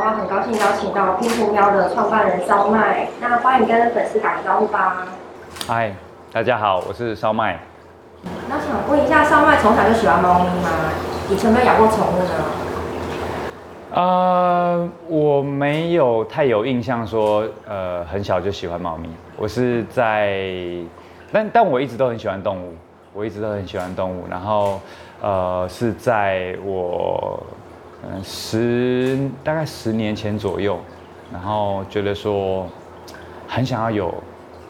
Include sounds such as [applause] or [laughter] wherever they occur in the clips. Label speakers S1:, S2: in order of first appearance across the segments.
S1: 哇，很高興邀請到拼圖喵的創辦人燒賣，那歡迎跟粉絲打個招呼吧。嗨，大家好，我是燒賣。那想問一下，燒賣從小就喜歡貓咪嗎？以前有沒有養過寵物呢？呃、uh，我沒有太有印象說，呃，很小就喜歡貓咪。我是在，但但我一直都很喜歡動物，我一直都很喜歡動物。然後，呃，是在我。嗯，十大概十年前左右，然後覺得說，很想要有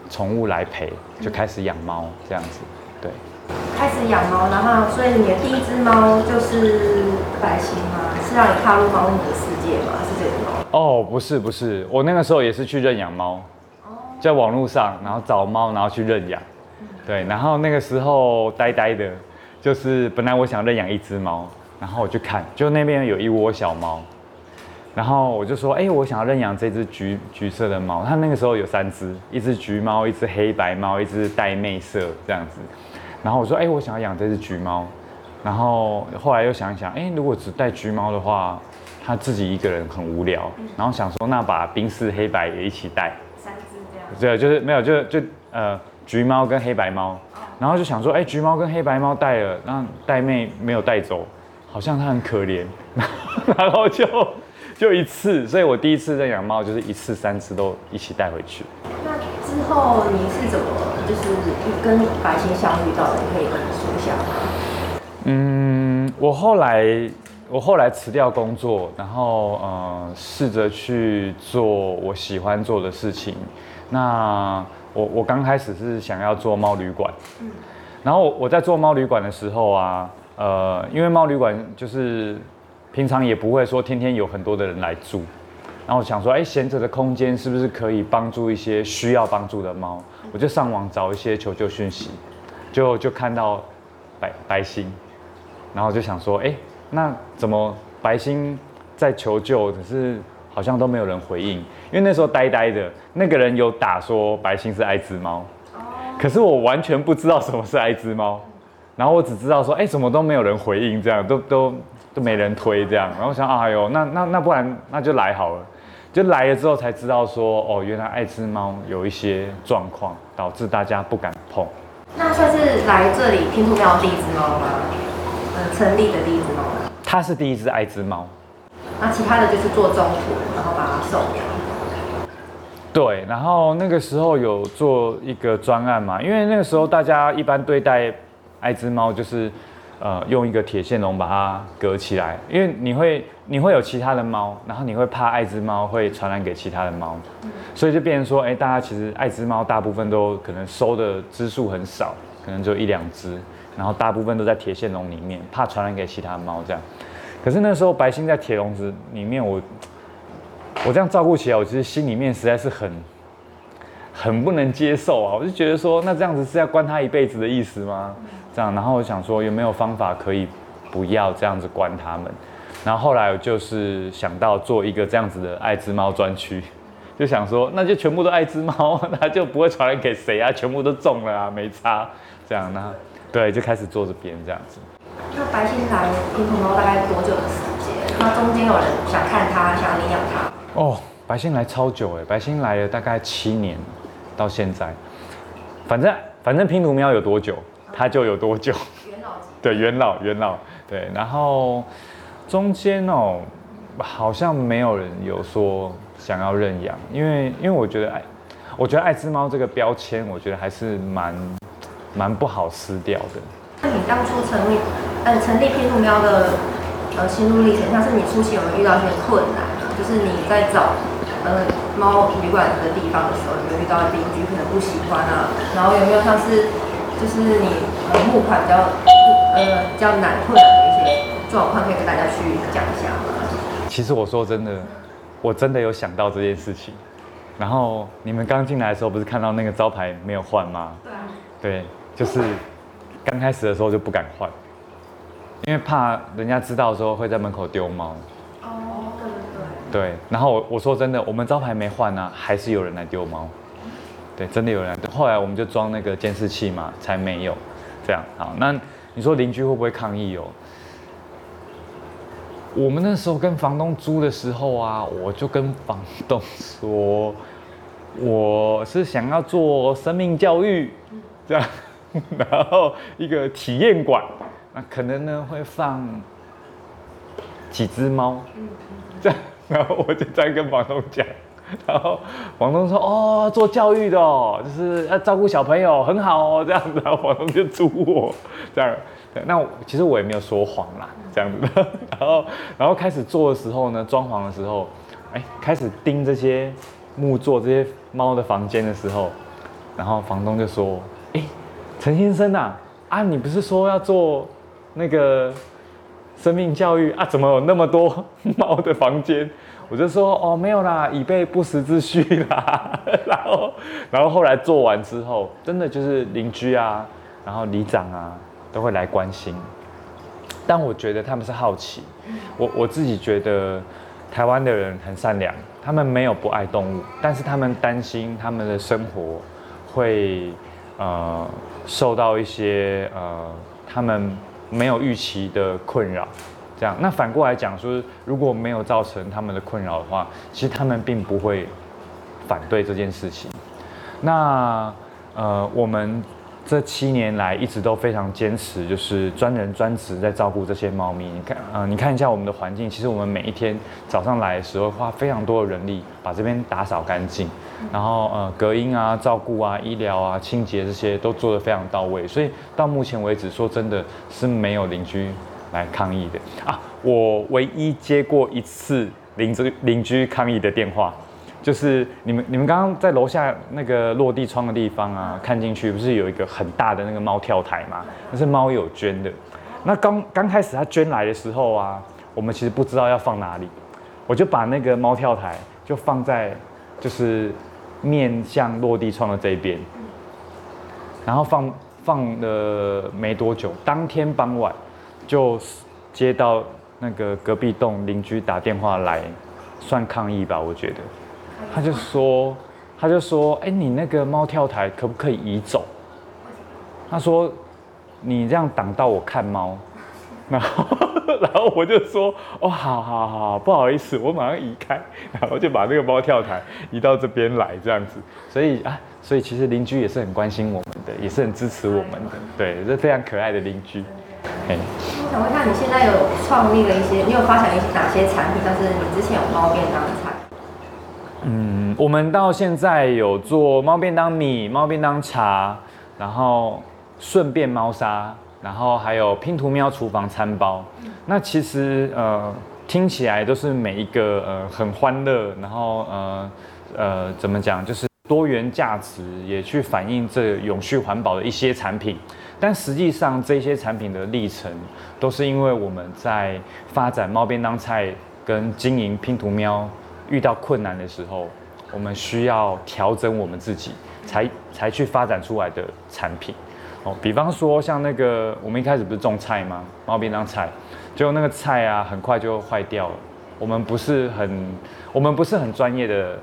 S1: 寵物來陪，就開始養貓、嗯、這樣子。對，開始養貓，然後所以你的第一隻貓就是白星嗎？是讓你踏入貓的世界嗎？還是這個貓？哦，不是不是，我那個時候也是去認養貓，哦、在網絡上，然後找貓，然後去認養、嗯。對，然後那個時候呆呆的，就是本來我想認養一隻貓。然後我就看，就那邊有一窩小貓，然後我就說，哎，我想要認養這隻橘橘色的貓。它那個時候有三隻，一隻橘貓，一隻黑白貓，一隻玳瑁色這樣子。然後我說，哎，我想要養這隻橘貓。然後後來又想一想，哎，如果只帶橘貓的話，它自己一個人很無聊。然後想說，那把冰絲黑白也一起帶。三隻。這樣。對，就是沒有，就就呃橘貓跟黑白貓。然後就想說，哎，橘貓跟黑白貓帶了，那玳瑁沒有帶走。好像它很可憐， [laughs] 然後就就一次，所以我第一次在養貓就是一次三次都一起帶回去。那之後你是怎麼就是跟白青相遇到的？可以跟我說一下嗎？嗯，我後來我後來辭掉工作，然後嗯，呃，試着去做我喜歡做的事情。那我我剛開始是想要做貓旅館，嗯，然後我在做貓旅館的時候啊。呃，因為貓旅館就是平常也不會說天天有很多的人來住，然後我想說，哎、欸，閒着的空間是不是可以幫助一些需要幫助的貓？我就上網找一些求救訊息，就就看到白白星，然後就想說，哎、欸，那怎麼白星在求救，可是好像都沒有人回應？因為那時候呆呆的，那個人有打說白星是艾滋貓，可是我完全不知道什麼是艾滋貓。然後我只知道說，哎，怎麼都沒有人回應，這樣都都都沒人推這樣。然後想，哎呦，那那那不然那就來好了。就來了之後才知道說，哦，原來愛滋貓有一些狀況，導致大家不敢碰。那算是來這裡拼圖喵的第一隻貓嗎？呃，成立的第一隻貓。它是第一隻愛滋貓。那其他的就是做中途，然後把它收掉。對，然後那個時候有做一個專案嘛，因為那個時候大家一般對待。愛滋貓就是，呃，用一個鐵線籠把它隔起來，因為你會你會有其他的貓，然後你會怕愛滋貓會傳染給其他的貓，所以就變成說，哎、欸，大家其實愛滋貓大部分都可能收的隻數很少，可能就一兩隻，然後大部分都在鐵線籠裡面，怕傳染給其他貓這樣。可是那時候白星在鐵籠子裡面我，我我這樣照顧起來，我其實心裡面實在是很。很不能接受啊！我就覺得說，那這樣子是要關他一輩子的意思嗎？這樣，然後我想說有沒有方法可以不要這樣子關他們？然後後來我就是想到做一個這樣子的愛滋貓專區，就想說那就全部都愛滋貓，那就不會傳染給誰啊，全部都中了啊，沒差。這樣那對，就開始做這邊這樣子。那白星來拼圖喵大概多久的時間？那中間有人想看它，想領養它？哦，白星來超久哎、欸，白星來了大概七年。到現在，反正反正拼圖喵有多久，它、啊、就有多久。元老 [laughs] 對，元老元老對，然後中間哦，好像沒有人有說想要認養，因為因為我覺，我覺得愛，我覺得愛滋貓這個標籤，我覺得還是蠻蠻不好撕掉的。那你當初成立呃成立拼圖喵的呃心路歷程，像是你初期有沒有遇到一些困難就是你在找。呃，貓旅館的地方的時候，你們遇到鄰居可能不喜歡啊，然後有沒有像是，就是你募款比較，呃，比較難困難的一些狀況，可以跟大家去講一下嗎？其實我說真的，我真的有想到這件事情。然後你們剛進來的時候，不是看到那個招牌沒有換嗎？對啊，對，就是剛開始的時候就不敢換，因為怕人家知道說會在門口丟貓。對，然後我我說真的，我們招牌沒換呢、啊，還是有人來丟貓。對，真的有人來。後來我們就裝那個監視器嘛，才沒有這樣。好，那你說鄰居會不會抗議哦？我們那時候跟房東租的時候啊，我就跟房東說，我是想要做生命教育，這樣，然後一個體驗館，那可能呢會放。幾隻貓、嗯嗯，這樣，然後我就在跟房東講，然後房東說，哦，做教育的、哦，就是要照顧小朋友，很好哦，這樣子，然後房東就租我，這樣，對，那其實我也沒有說謊啦，這樣子的，然後，然後開始做的時候呢，裝潢的時候，哎、欸，開始釘這些木作這些貓的房間的時候，然後房東就說，哎、欸，陳先生吶、啊，啊，你不是說要做那個？生命教育啊，怎麼有那麼多貓的房間？我就說哦，沒有啦，以備不時之需啦。 [laughs] 然後，然後後來做完之後，真的就是鄰居啊，然後里長啊，都會來關心。但我覺得他們是好奇，我我自己覺得台灣的人很善良，他們沒有不愛動物，但是他們擔心他們的生活會呃受到一些呃他們。沒有預期的困擾，這樣。那反過來講說，如果沒有造成他們的困擾的話，其實他們並不會反對這件事情。那，呃，我們。這七年來一直都非常堅持，就是專人專職在照顧這些貓咪。你看，啊、呃，你看一下我們的環境。其實我們每一天早上來的時候，花非常多的人力把這邊打掃乾淨，然後呃，隔音啊、照顧啊、醫療啊、清潔這些都做得非常到位。所以到目前為止，說真的是沒有鄰居來抗議的啊。我唯一接過一次鄰居、鄰居抗議的電話。就是你們，你們剛剛在樓下那個落地窗的地方啊，看進去不是有一個很大的那個貓跳台嗎？那是貓友捐的。那剛剛開始他捐來的時候啊，我們其實不知道要放哪裡，我就把那個貓跳台就放在就是面向落地窗的這一邊，然後放放了沒多久，當天傍晚就接到那個隔壁棟鄰居打電話來，算抗議吧，我覺得。他就說，他就說，哎，你那個貓跳台可不可以移走？他說，你這樣擋到我看貓，然後然後我就說，哦，好好好，不好意思，我馬上移開，然後就把那個貓跳台移到這邊來，這樣子。所以啊，所以其實鄰居也是很關心我們的，也是很支持我們的，對，這非常可愛的鄰居。嘿，我想問一下，你現在有創立了一些，你有發展一些哪些產品？但是你之前有貓便當。嗯，我們到現在有做貓便當米、貓便當茶，然後順便貓砂，然後還有拼圖喵廚房餐包。那其實呃聽起來都是每一個呃很歡樂，然後呃呃怎麼講，就是多元價值也去反映這永續環保的一些產品。但實際上這些產品的歷程都是因為我們在發展貓便當菜跟經營拼圖喵。遇到困難的時候，我們需要調整我們自己，才才去發展出來的產品。哦，比方說像那個，我們一開始不是種菜嗎？貓邊上菜，結果那個菜啊，很快就壞掉了。我們不是很，我們不是很專業的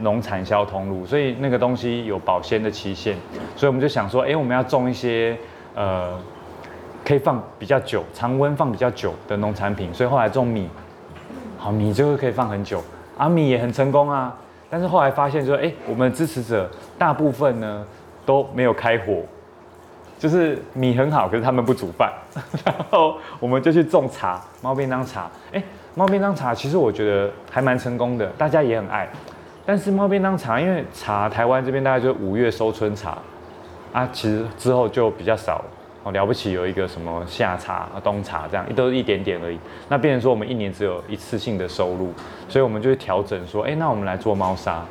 S1: 農產銷通路，所以那個東西有保鮮的期限。所以我們就想說，哎、欸，我們要種一些呃，可以放比較久、常溫放比較久的農產品。所以後來種米，好米就是可以放很久。阿、啊、米也很成功啊，但是後來發現，說，哎，我們的支持者大部分呢都沒有開火，就是米很好，可是他們不煮飯， [laughs] 然後我們就去種茶，貓便當茶。哎、欸，貓便當茶其實我覺得還蠻成功的，大家也很愛。但是貓便當茶，因為茶台灣這邊大概就是五月收春茶啊，其實之後就比較少了。哦，了不起，有一個什麼夏茶啊、冬茶這樣，都是一點點而已。那變成說，我們一年只有一次性的收入，所以我們就會調整說，哎、欸，那我們來做貓砂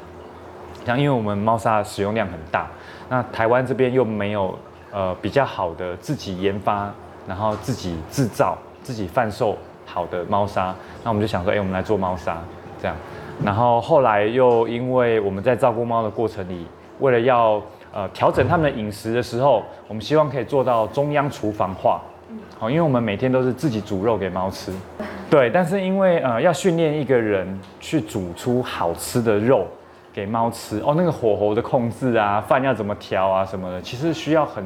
S1: 這樣。因為我們貓砂的使用量很大，那台灣這邊又沒有呃比較好的自己研發，然後自己製造、自己販售好的貓砂，那我們就想說，哎、欸，我們來做貓砂這樣。然後後來又因為我們在照顧貓的過程裡，為了要呃，調整他們的飲食的時候，我們希望可以做到中央廚房化，好，因為我們每天都是自己煮肉給貓吃，對。但是因為呃，要訓練一個人去煮出好吃的肉給貓吃，哦，那個火候的控制啊，飯要怎麼調啊什麼的，其實需要很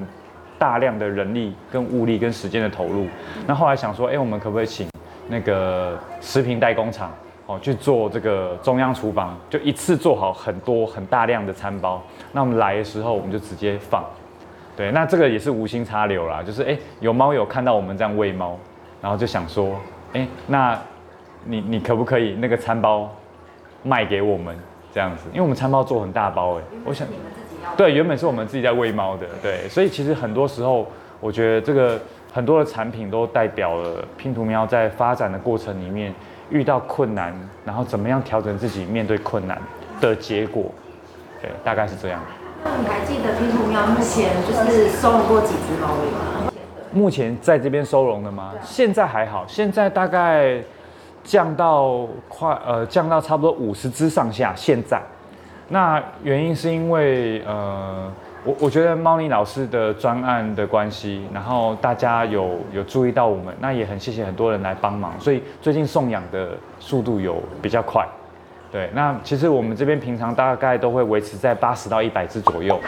S1: 大量的人力、跟物力、跟時間的投入。那後來想說，哎、欸，我們可不可以請那個食品代工廠？哦，去做這個中央廚房，就一次做好很多很大量的餐包。那我們來的時候，我們就直接放。對，那這個也是無心插柳啦，就是哎，有貓友看到我們這樣餵貓，然後就想說，哎，那你你可不可以那個餐包賣給我們這樣子？因為我們餐包做很大包哎，我想，對，原本是我們自己在餵貓的，對，所以其實很多時候，我覺得這個。很多的產品都代表了拼圖喵在發展的過程裡面遇到困難，然後怎麼樣調整自己面對困難的結果，對，大概是這樣。那你還記得拼圖喵目前就是收容過幾隻貓咪嗎？目前在這邊收容的嗎？現在還好，現在大概降到快呃降到差不多五十只上下。現在，那原因是因為呃。我我覺得貓尼老師的專案的關係，然後大家有有注意到我們，那也很謝謝很多人來幫忙，所以最近送養的速度有比較快。對，那其實我們這邊平常大概都會維持在八十到一百只左右。